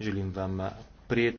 želim vam prijetno in ugodno popoldne.